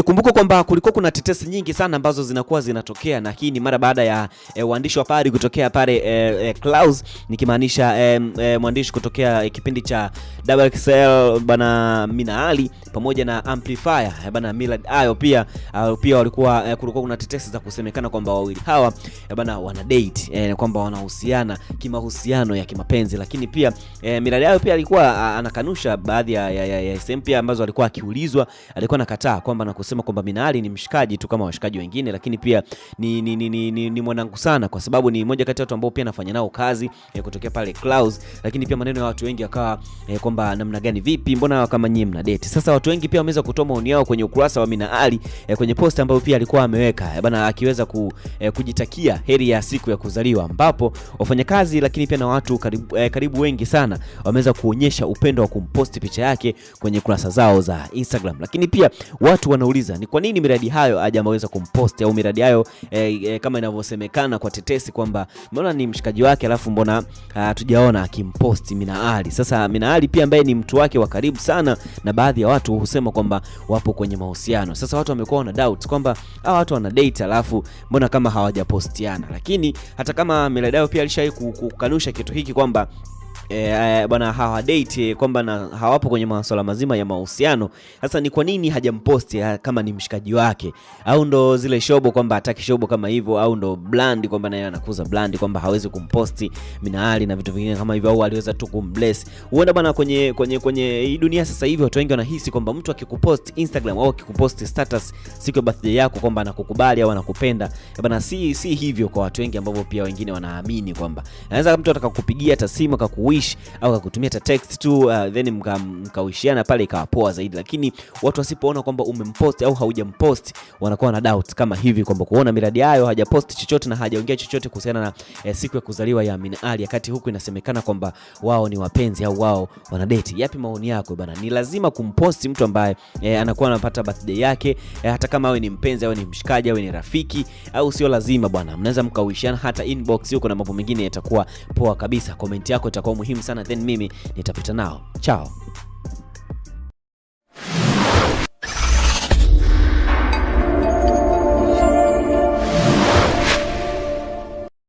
Ikumbuko kwamba kulikuwa kuna tetesi nyingi sana ambazo zinakuwa zinatokea, na hii ni mara baada ya e, eh, waandishi wa habari kutokea pale e, eh, e, eh, Klaus nikimaanisha e, e, mwandishi kutokea e, kipindi cha WXL bana Mina Ali pamoja na Amplifier e, bana Millard Ayo pia a, pia walikuwa e, kulikuwa kuna tetesi za kusemekana kwamba wawili hawa e, bana wana date e, kwamba wanahusiana kimahusiano ya kimapenzi, lakini pia e, Millard Ayo pia alikuwa anakanusha baadhi ya, ya, ya, ya sehemu pia ambazo alikuwa akiulizwa, alikuwa anakataa kwamba na kusema kwamba Minali ni mshikaji tu kama washikaji wengine, lakini pia ni, ni, ni, ni, ni, ni mwanangu sana, kwa sababu ni moja kati ya watu ambao pia nafanya nao kazi eh, kutokea pale Clouds, lakini pia maneno ya watu wengi akawa eh, kwamba namna gani, vipi, mbona kama nyinyi mna date? Sasa watu wengi pia wameweza kutoa maoni yao kwenye ukurasa wa Minali eh, kwenye post ambayo pia alikuwa ameweka eh, bana akiweza ku, eh, kujitakia heri ya siku ya kuzaliwa, ambapo wafanyakazi lakini pia na watu karibu, eh, karibu wengi sana wameweza kuonyesha upendo wa kumposti picha yake kwenye kurasa zao za Instagram, lakini pia watu wanauliza kujiuliza ni kwa nini miradi hayo hajaweza kumpost au miradi hayo eh, eh, kama inavyosemekana kwa tetesi kwamba mbona ni mshikaji wake alafu mbona ah, hatujaona akimpost Mina Ali. Sasa Mina Ali pia ambaye ni mtu wake wa karibu sana, na baadhi ya watu husema kwamba wapo kwenye mahusiano. Sasa watu wamekuwa wana doubt kwamba hawa watu wana date alafu mbona kama hawajapostiana, lakini hata kama Miradi hayo pia alishawahi kukanusha kitu hiki kwamba Eh, eh, bwana hawadate kwamba na hawapo kwenye masuala mazima ya mahusiano. Sasa ni kwa nini hajamposti eh, kama ni mshikaji wake, au ndo zile shobo kwamba hataki shobo kama hivyo, au ndo Brand kwamba naye anakuza Brand kwamba hawezi kumposti Minahali na vitu vingine kama hivyo, au aliweza tu kumbless. Huenda bwana, kwenye kwenye kwenye hii dunia sasa hivi watu wengi wanahisi kwamba mtu akikupost Instagram au akikupost status siku ya birthday yako kwamba anakukubali au anakupenda eh, bwana, si si hivyo kwa watu wengi, ambao pia wengine wanaamini kwamba anaweza mtu atakakupigia hata simu kuwish au akakutumia text tu uh, then mkawishiana pale ikawa poa zaidi, lakini watu wasipoona kwamba umempost au haujampost wanakuwa na doubt kama hivi kwamba kuona miradi hayo hajapost chochote na hajaongea chochote kuhusiana na eh, siku ya kuzaliwa ya Amina Ali, wakati huku inasemekana kwamba wao ni wapenzi au wao wana date. Yapi maoni yako bana? Ni lazima kumpost mtu ambaye eh, anakuwa anapata birthday yake eh, hata kama awe ni mpenzi awe ni mshikaji awe ni rafiki au sio lazima bwana, mnaweza mkawishiana hata inbox huko na mambo mengine yatakuwa poa kabisa. Comment yako itakuwa kwa umuhimu sana, then mimi nitapita nao chao.